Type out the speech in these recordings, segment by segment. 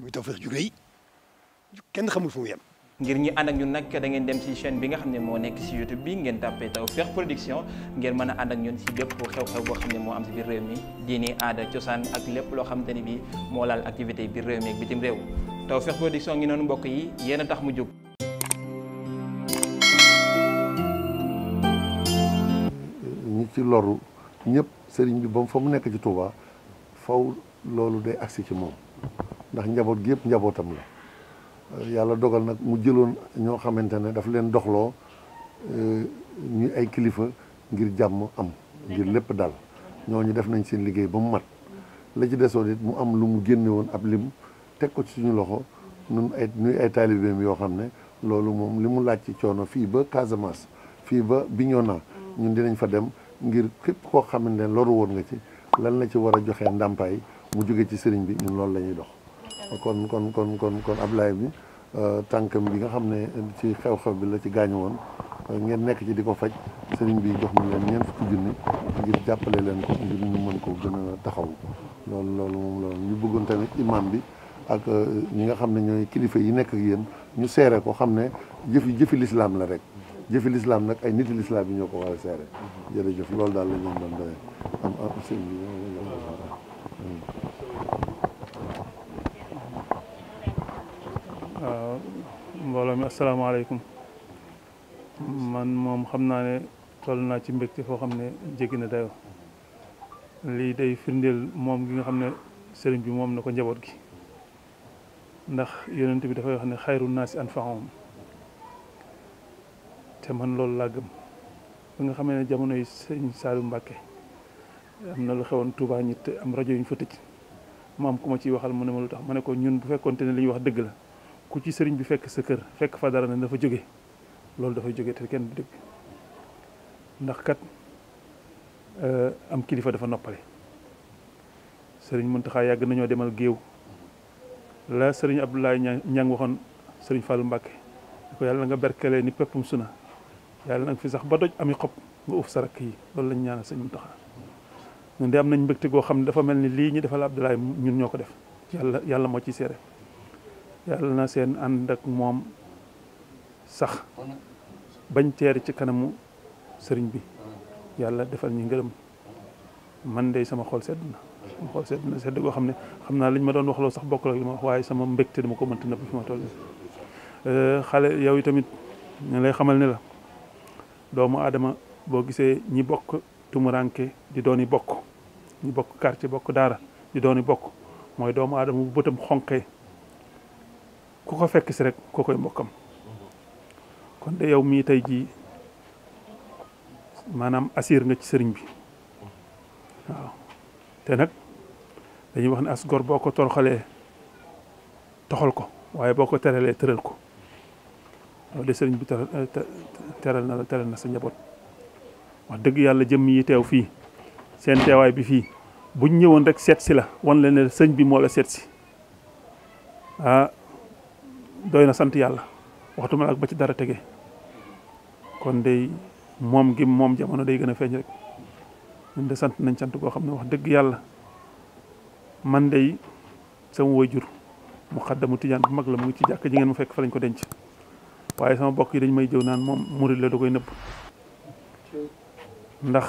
muy Tawfekh ju rëy kenn xamul fu yam ngir ñi ànd ak ñun nag da ngeen dem ci chain bi nga xam ne moo nekk ci YouTube bi ngeen tàppee Tawfekh Production ngeen mën a ànd ak ñun ci bépp xew-xew boo xam ne moo am ci biir réew mi diini aada cosaan ak lépp loo xamante ni bi moo laal activité biir réew mi ak bitim réew Tawfekh Production ngi noonu mbokk yi yéen a tax mu jóg. ñi ci loru ñëpp sëriñ bi ba fa mu nekk ci Touba faw loolu day agsi ci moom. ndax njaboot gi yëpp njabootam la yàlla dogal nag mu jëloon ñoo xamante ne daf leen doxloo eh, ñuy ay kilifa ngir jàmm am ngir lépp dal ñu def nañ seen liggéey ba mu mat la ci desoon it mu am lu mu génne woon ab lim teg ko ci suñu loxo nun ay nuy taalibeem yoo xam ne loolu moom li mu laaj ci coono fii ba Casamance fii ba bi Bignona ñun dinañ fa dem ngir képp koo xam ne loru woon nga ci lan la ci war a joxee ndàmpaay mu jóge ci sëriñ bi ñun loolu lañuy dox kon kon kon kon kon Ablaye bi euh, tànkam bi nga xam ne ci xew-xew bi la ci gaañu woon euh, ngeen nekk ci di ko faj sëriñ bi jox na leen ñeent fukki junni ngir jàppale leen ko ngir ñu mën ko gën a taxaw lool loolu moom loolu ñu bëggoon tamit imam bi ak euh, ñi nga xam ne ñooy kilifa yi nekk ak yéen ñu seere ko xam ne jëfi jëfi lislaam la rek jëfi lislaam nag ay nit lislaam bi ñoo ko war a seere jërëjëf loolu daal la ñoom doon doyee am am sëriñ bi mbooloo mi asalaamaaleykum man moom xam naa ne toll naa ci mbégte foo xam ne jéggi na dayo lii day firndeel moom gi nga xam ne sëriñ bi moom na ko njaboot gi ndax yonent bi dafay wax ne xayru naasi anfaahum te man loolu laa gëm ba nga xamee ne jamono yi sëriñ Saliou Mbacke am na lu xewoon Touba ñit am rajo yu ñu fa tëj mu am ku ma ciy waxal mu ne ma lu tax ma ne ko ñun bu fekkonte ne li ñuy wax dëgg la ku ci sëriñ bi fekk sa kër fekk fa dara ne dafa jóge loolu dafay jóge te kenn du dëgg ndax kat euh, am kilifa dafa noppale sëriñ Muntaxa yàgg nañoo demal géew la sëriñ Abdoulaye Ñang waxoon sëriñ Fallou Mbàkke di ko yàlla nga berkelee ni peppum suna yàlla nag fi sax ba doj ami xob nga uuf sa rakk yi loolu lañ ñaanal sëriñ Muntaxa ñun de am nañ mbégte goo xam ne dafa mel ni lii ñu defal Abdoulaye ñun ñoo ko def yàlla yàlla moo ci seere yàlla na seen ànd ak moom sax bañ teer ci kanamu sëriñ bi yàlla defal ñi ngërëm man de sama xool sedd na sama xol sedd na sedd goo xam ne xam naa liñ ma doon wax loo sax bokk la li waaye sama mbégte dama ko mënta nëbb fi ma toll euh, xale yow yi tamit ñu lay xamal ne la doomu aadama boo gisee ñi bokk tumuraanke di dooni bokk ñi bokk ci bokk daara di dooni bokk mooy doomu aadama bu bëtam xonqee ku ko fekk si rek koo koy mbokkam kon de yow mii tey jii maanaam asir nga ci sëriñ bi waaw te nag dañuy wax ne as boo ko toroxalee toxal ko waaye boo ko tereelee tëral ko loolu de sëriñ bi eh, teral na la teral na sa njaboot wax dëgg yàlla jëmm yi teew fii seen teewaay bi fii buñ ñëwoon rek seet si la wan la ne sëñ bi moo la seet si ah doy na sant yàlla waxtuma ak ba ci dara tege kon day moom gi moom jamono day gën a feeñ rek ñun de sant nañ sant koo xam ne wax dëgg yàlla man day sama wayjur mu xaddamu tijaan bu mag la mu ngi ci jàkk ji ngeen mu fekk fa lañ ko denc waaye sama bokk yi dañ may jëw naan moom murid la da koy nëbb ndax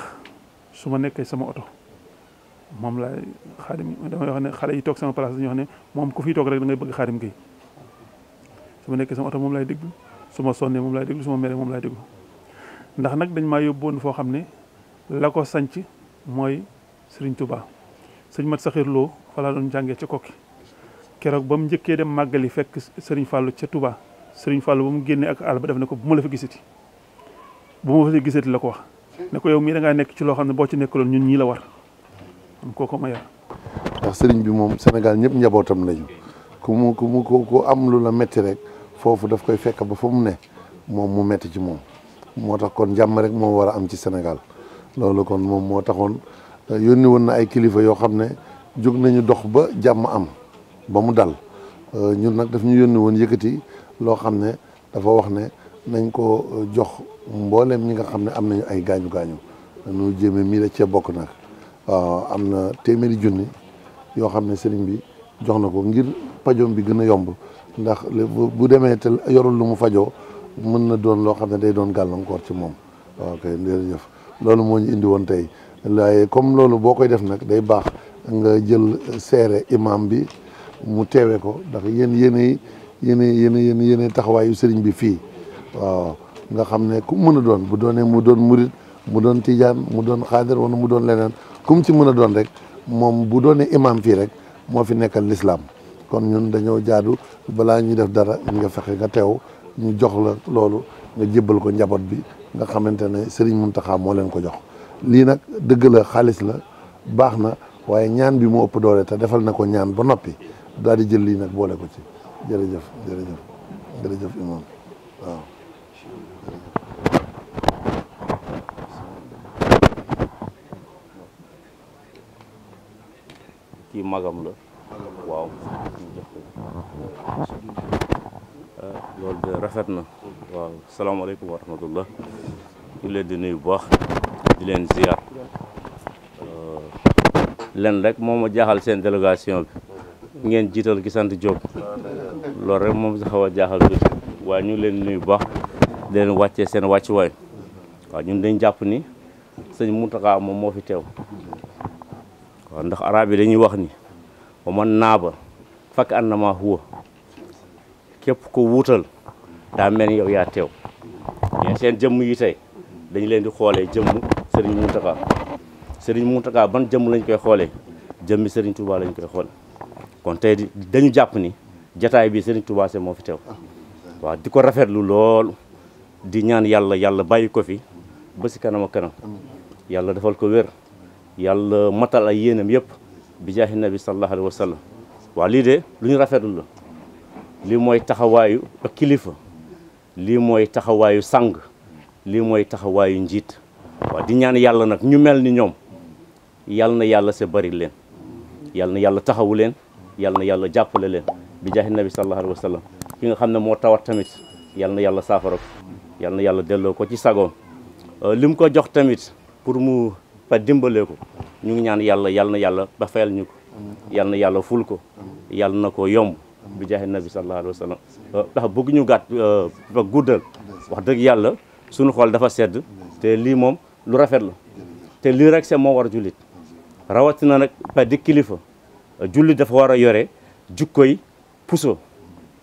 su ma nekkee sama oto moom laay xaadim damay wax ne xale yi toog sama place dañuy wax ne moom ku fi toog rek da ngay bëgg xaadim gi su ma nekkee oto moom laay déglu su ma sonnee moom laay déglu su ma meree moom laay ndax nag dañ foo xam ne la ko sanc mooy Serigne Touba sëñ Mat Saxir Lo doon jàngee ca kokki keroog ba mu njëkkee dem màggali fekk sëriñ fàllu ca tubaa sëriñ Fallou ba mu génnee ak àll ba def ne ko bu ma la fa gisati bu ma fa gisati la ko wax ne ko yow mii da ngaa nekk ci loo xam ne boo ci nekk nekkaloon ñun ñii la war kon kooku ma yar ndax Serigne bi moom senegal ñëpp njabootam lañu ku mu ku mu ku am lu la metti rek. foofu daf koy fekk ba fa mu ne moom mu metti ci moom moo tax kon jàmm rek moo war a am ci senegal loolu kon moom moo taxoon euh, yónni woon na ay kilifa yoo xam ne jóg nañu dox ba jàmm am ba mu dal euh, ñun nag daf ñu yónni woon yëkkati loo xam ne dafa wax ne nañ ko euh, jox mbooleem mi nga xam ne am nañu ay gaañu gaañu nu jéeme mii da cee bokk nag am na téeméeri junni yoo xam ne sëriñ bi jox na ko ngir pajoom bi gën a yomb ndax bu demee te yorul lu mu fajoo mën na doon loo xam ne day doon gàllankoor ci moom waaw kay jërëjëf loolu moo ñu indi woon tey laaye comme loolu boo koy def nag day baax nga jël seere imam bi mu teewee ko ndax yéen yéenay yéenay yéenay yéenay taxawaayu sëriñ bi fii waaw nga xam ne ku mën a doon bu doonee mu doon murit mu doon tijaan mu doon xaadir wala mu doon leneen kum ci mën a doon rek moom bu doonee imam fii rek moo fi nekkal lislaam kon ñun dañoo jaadu balaa ñuy def dara nga fexe nga teew ñu jox la loolu nga jébbal ko njaboot bi nga xamante ne Serigne Mountakha moo leen ko jox lii nag dëgg la xaalis la baax na waaye ñaan bi mu ëpp doole te defal na ko ñaan ba noppi daal di jël lii nag boole ko ci jërëjëf jërëjëf jërëjëf imam loolu de rafet na waaw salaamaaleykum wa rahmatullah ñu leen di nuy bu baax di leen ziar euh, len rek moom ma jaaxal seen délégation bi ngeen jiital ki sant Diop loolu rek moom si xaw a jaaxal bi waaye ñu leen nuyu bu baax di leen wàccee seen wàccuwaay waaw ñun dañ jàpp ni sëñ Mountakha moom moo fi teew waaw ndax arab yi dañuy wax ni ba man naaba fakk annama huwa képp ko wuutal daa mel ni yow yaa teew ñeen seen jëmm yi tey dañu leen di xoolee jëmm sëriñ Mountakha sëriñ Mountakha ban jëmm lañ koy xoolee jëmmi sëriñ Touba lañ koy xool kon tey dañu jàpp ni jataay bi sëriñ Touba se moo fi teew waaw di ko rafet lu lool di ñaan yàlla yàlla bàyyi ko fi ba si kanam ak kanam yàlla defal ko wér yàlla matal ay yéenam yëpp bi jaahi nabi sallallahu alayhi wa sallam waaw lii de lu ñu rafetlu la lii mooy taxawaayu kilifa lii mooy taxawaayu sang lii mooy taxawaayu njiit waaw di ñaan yàlla nag ñu mel ni ñoom yàlla na yàlla sa bari leen yàlla na yàlla taxawu leen yàlla na yàlla jàppale leen bi jaahi nabi sallallahu alayhi wa ki nga xam ne moo tawat tamit yàlla na yàlla saafara ko yàlla na yàlla delloo ko ci sagoom euh, lim ko jox tamit pour mu pa dimbalee ko ñu ngi ñaan yàlla yàlla na yàlla ba fayal ñu ko yàlla na yàlla ful ko yàlla na ko yomb bi jaaxe nabi sallallahu alayhi wa sallam ndax bëgg ñu gàtt euh, ba guddal wax dëgg yàlla sunu xool dafa sedd te lii moom lu rafet la te lii rek c'est moo war jullit rawatina nag ba kilifa jullit dafa war a yore jukkoy puso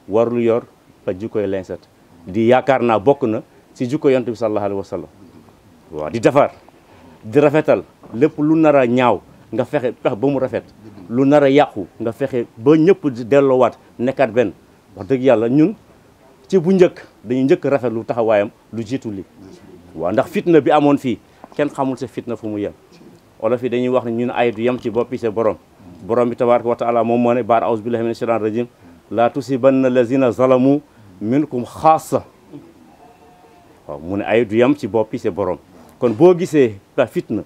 warul yor ba jukkoy lenset di yaakaar naa bokk na si jukko yonent bi sallallahu alayhi wa sallam di defar di rafetal lépp lu nar ñaaw nga fexe pex ba mu rafet lu nar a yàqu nga fexe ba ñëpp delloowaat nekkaat benn wax dëgg yàlla ñun ci bu njëkk dañu njëkk rafet lu taxawaayam lu jiitu li waaw ndax fitna bi amoon fii kenn xamul sa fitna fu mu yem olof fii dañuy wax ne ñun ay du yem ci boppi borom borom bi tabaraka wa taala moom moo ne baar aus billahi mina shaytan rajim laa tusibanna lazina zalamu minkum xaasa waaw mu ne ay du yem ci boppi sa borom kon boo gisee fitna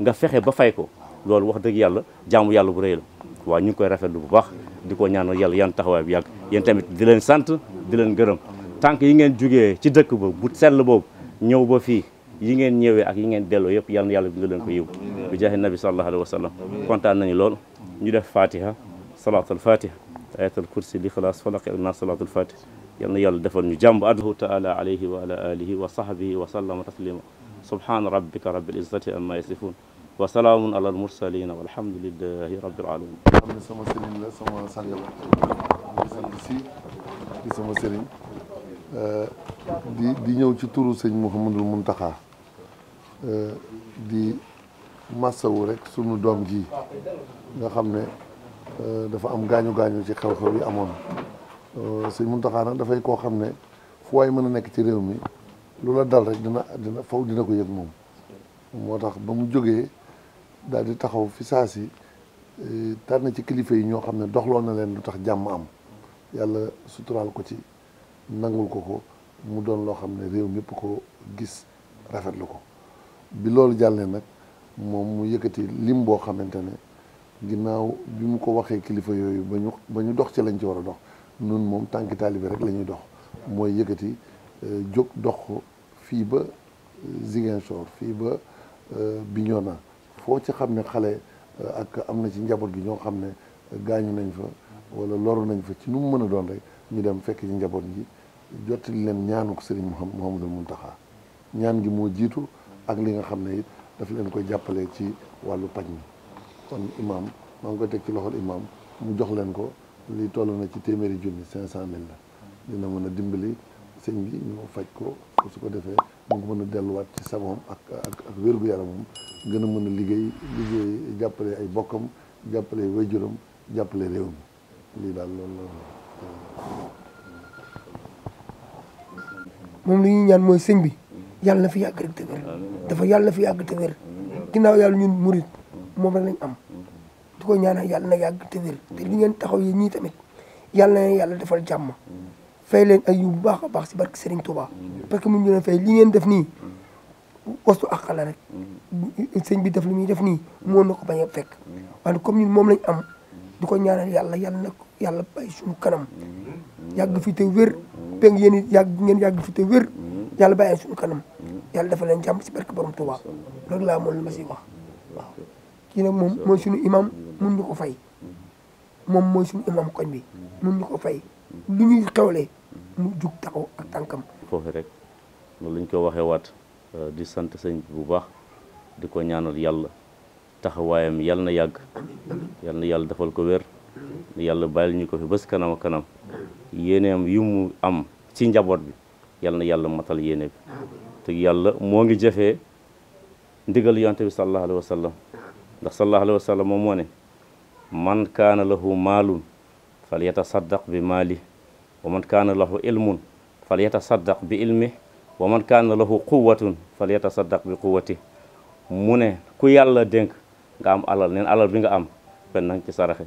nga fexe ba fay ko loolu wax dëgg yàlla jaamu yàlla bu rëy la waaw ngi koy rafetlu bu baax di ko ñaanal yàlla yan taxawaay bi yàgg yéen tamit di leen sant di leen gërëm tànk yi ngeen jugee ci dëkk ba bu sell boob ñëw ba fii yi ngeen ñëwee ak yi ngeen delloo yëpp yal na yàlla bi nga leen ko yiw bi jaahi nabi sallallahu alayhi wa sallam kontaan nañu lool ñu def fatiha salaatul fatiha ayatul kursi li xalaas falaq ak naas salaatul fatiha yal na yàlla defal ñu jàmm adlahu taala alayhi wa ala alihi wa sahbihi wa sallama taslima subhaana rabbika rabbil izzati amma yasifun wa salaamun alal mursaliin walhamdulillahi rabbil alamin xam ne sama sëriñ la sama sang la di sant si di sama sëriñ di ñëw ci turu sëñ Mouhamadul Muntaxa di massawu rek sunu doom ji nga xam ne dafa am gaañu gaañu ci xew-xew yi amoon sëñ Muntaxa nag dafay koo xam ne fu waay mën a nekk ci réew mi lu la dal rek dina dina faw dina ko yëg moom moo tax ba mu jógee daal di taxaw fi saa si eh, tànn ci kilifa yi ñoo xam ne doxloon na leen lu tax jàmm am yàlla suturaal ko ci nangul ko ko mu doon loo xam ne réew mépp ko gis rafetlu ko bi loolu jàllee nag moom mu yëkkati lim boo xamante ne ginnaaw bi mu ko waxee kilifa yooyu ba ñu dox ci lañ ci war a dox nun moom tànki taalibe rek la ñuy dox mooy yëkkati eh, jóg dox ko fii ba eh, Ziguinchor fii ba Bignona foo ci xam ne xale euh, ak am na ci njaboot bi ñoo xam ne gaañu nañ fa wala loru nañ fa ci nu mu mën a doon rek ñu dem fekk ci njaboot ji jottali leen ñaanu ko Serigne Mouhamadou Mountakha ñaan gi moo jiitu ak li nga xam ne it daf leen koy jàppale ci wàllu paj mi kon imaam maa ngi koy teg ci loxol imaam mu jox leen ko li toll na ci téeméeri junni cinq cent mille la dina mën a dimbali sëñ bi ñoo faj ko su ko defee mu ngi mën a delluwaat ci sagoom ak ak ak wér-gu-yaramam gën mën liggéey liggéey jàppale ay bokkam jàppale waajuram jàppale réew mi lii daal loolu moom li ñuy ñaan mooy sëñ bi yàlla na fi yàgg rek te wér dafa yàlla na fi yàgg te wér ginnaaw yàlla ñun murit moom rek lañ am di ko ñaanal yàlla na yàgg te wér te li ngeen taxaw yi ñii tamit yàlla na yàlla defal jàmm fay leen ay yu bu baax baax si barke Serigne Touba parce que mu ñu leen fay li ngeen def nii wastu àq la rek sëñ bi def li muy def nii moo na ko bañ a fekk wante comme ñun moom lañ am di ko ñaanal yàlla yàlla na yàlla bay suñu kanam yàgg fi te wér peng yéen it ngeen yàgg fi te wér yàlla bàyyi suñu kanam yàlla dafa leen jàmm si barke borom Touba loolu laa moom la ma si wax waaw kii nag moom mooy suñu imam mun ñu ko fay moom mooy suñu imam koñ bi mun ñu ko fay lu ñuy xewlee lu jug taxaw ak tànkam. foofu rek loolu lañ ko waxe waat euh, di sant sëñ bu baax di ko ñaanal yàlla taxawaayam yàlla na yàgg yàlla na yàlla defal ko wér yàlla bàyyil ñu ko fi bés kanam kanam yéeneem yu mu am ci njaboot bi yàlla yàlla matal yéene bi te yàlla moo ngi jëfee ndigal yonte bi sallallahu alayhi wa ndax sallallahu alayhi wa moom moo ne man kaana lahu maalun fal yatasaddaq bi maali wa man kaana lahu ilmun fal yatasaddaq bi ilmi wa man kaana lahu quwatun fal yatasaddaq bi quwati mu ne ku yàlla dénk nga am alal neen alal bi nga am fen nanga ci saraxe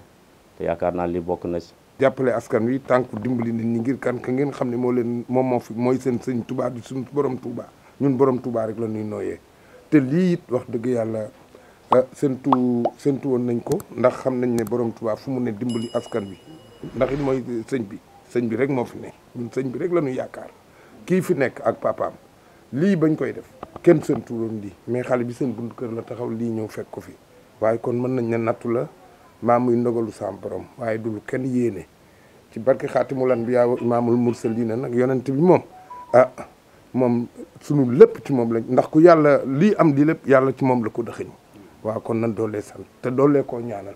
te yaakaar naa li bokk na ci jàppale askan wi tànk dimbali nit ñi ngir kan ka ngeen xam ne moo leen moom moo fi mooy seen sëñ Tuubaa di suñu borom Tuubaa ñun borom Tuubaa rek la nuy nooyee te lii it wax dëgg yàlla ah, séntu séntu woon nañ ko ndax xam nañ ne borom Tuubaa fu mu ne dimbali askan wi ndax it mooy sëñ bi sëñ bi rek moo fi ne ñun sëñ bi rek la ñu yaakaar kii fi nekk ak papaam lii bañ koy def kenn seen tuuroon lii mais xale bi seen buntu kër la taxaw lii ñëw fekk ko fi waaye kon mën nañ ne nattu la maa muy ndogalu sam borom waaye dul kenn yéene ci barke xaatimu lan bi yaaw imaamul mursalina nag yonent bi moom ah moom sunu lépp ci moom lañ ndax ku yàlla lii am di lépp yàlla ci moom la ko dëxëñ waaw kon nan doolee sant te doolee koo ñaanal